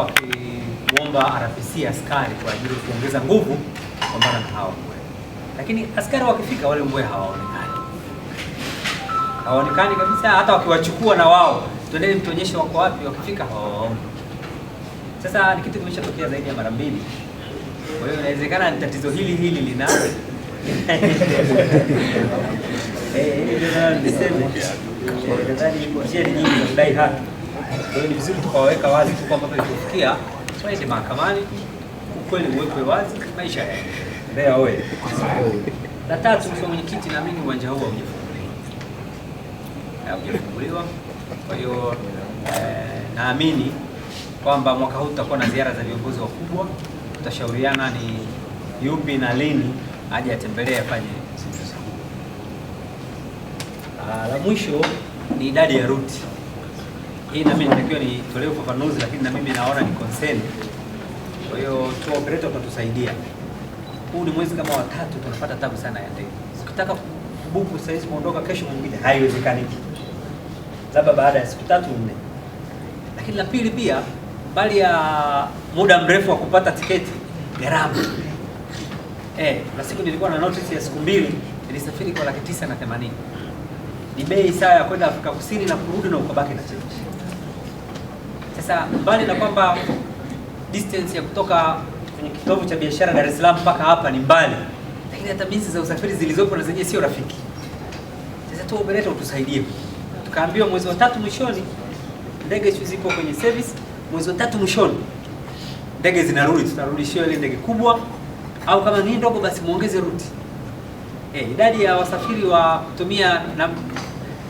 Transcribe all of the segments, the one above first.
wakiomba RPC askari kwa ajili ya kuongeza nguvu kupambana na hao mbweha, lakini askari wakifika wale mbweha hawaonekani, hawaonekani kabisa. Hata wakiwachukua na wao tuendeni, mtuonyeshe wako wapi, wakifika hawawaoni. Sasa ni kitu kimeshatokea zaidi ya mara mbili, kwa hiyo inawezekana ni tatizo hili hili lina eh, hili ndio niseme, eh, nadhani kwa sheria nyingi za kudai haki kwa hiyo ni vizuri tukawaweka wazi tu kwamba tulipofikia waende mahakamani, ukweli uwekwe wazi, maisha yaendelea. Wewe la tatu, mheshimiwa mwenyekiti, naamini uwanja huu haujafunguliwa. Kwa hiyo eh, naamini kwamba mwaka huu tutakuwa na ziara za viongozi wakubwa, tutashauriana ni yupi na lini aje atembelee afanye ah, La mwisho ni idadi ya ruti hii nami natakiwa nitolee ufafanuzi, lakini na mimi naona ni concern. Kwa hiyo tour operator utatusaidia. Huu ni mwezi kama watatu tunapata tabu sana ya ndege. Sikitaka kubuku sasa hivi kuondoka kesho mwingine haiwezekani, labda baada ya siku tatu nne. Lakini la pili pia, bali ya muda mrefu wa kupata tiketi, gharama eh, na siku nilikuwa na notice ya siku mbili nilisafiri kwa laki tisa na themanini ni bei sawa ya kwenda Afrika Kusini na kurudi na ukabaki na change. Sasa mbali na kwamba distance ya kutoka kwenye kitovu cha biashara Dar es Salaam mpaka hapa ni mbali, lakini hata jinsi za usafiri zilizopo na zenyewe sio rafiki. Sasa tu operator utusaidie. Tukaambiwa mwezi wa tatu mwishoni ndege hizo zipo kwenye service, mwezi wa tatu mwishoni ndege zinarudi, tutarudishiwa ile ndege kubwa, au kama ni ndogo basi muongeze ruti. Eh, idadi ya wasafiri wa kutumia na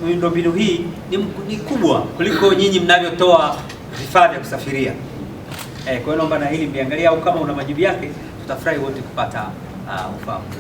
miundombinu hii ni, ni kubwa kuliko nyinyi mnavyotoa vifaa vya kusafiria. Eh, kwa hiyo naomba na hili mliangalia, au kama una majibu yake tutafurahi wote kupata uh, ufahamu.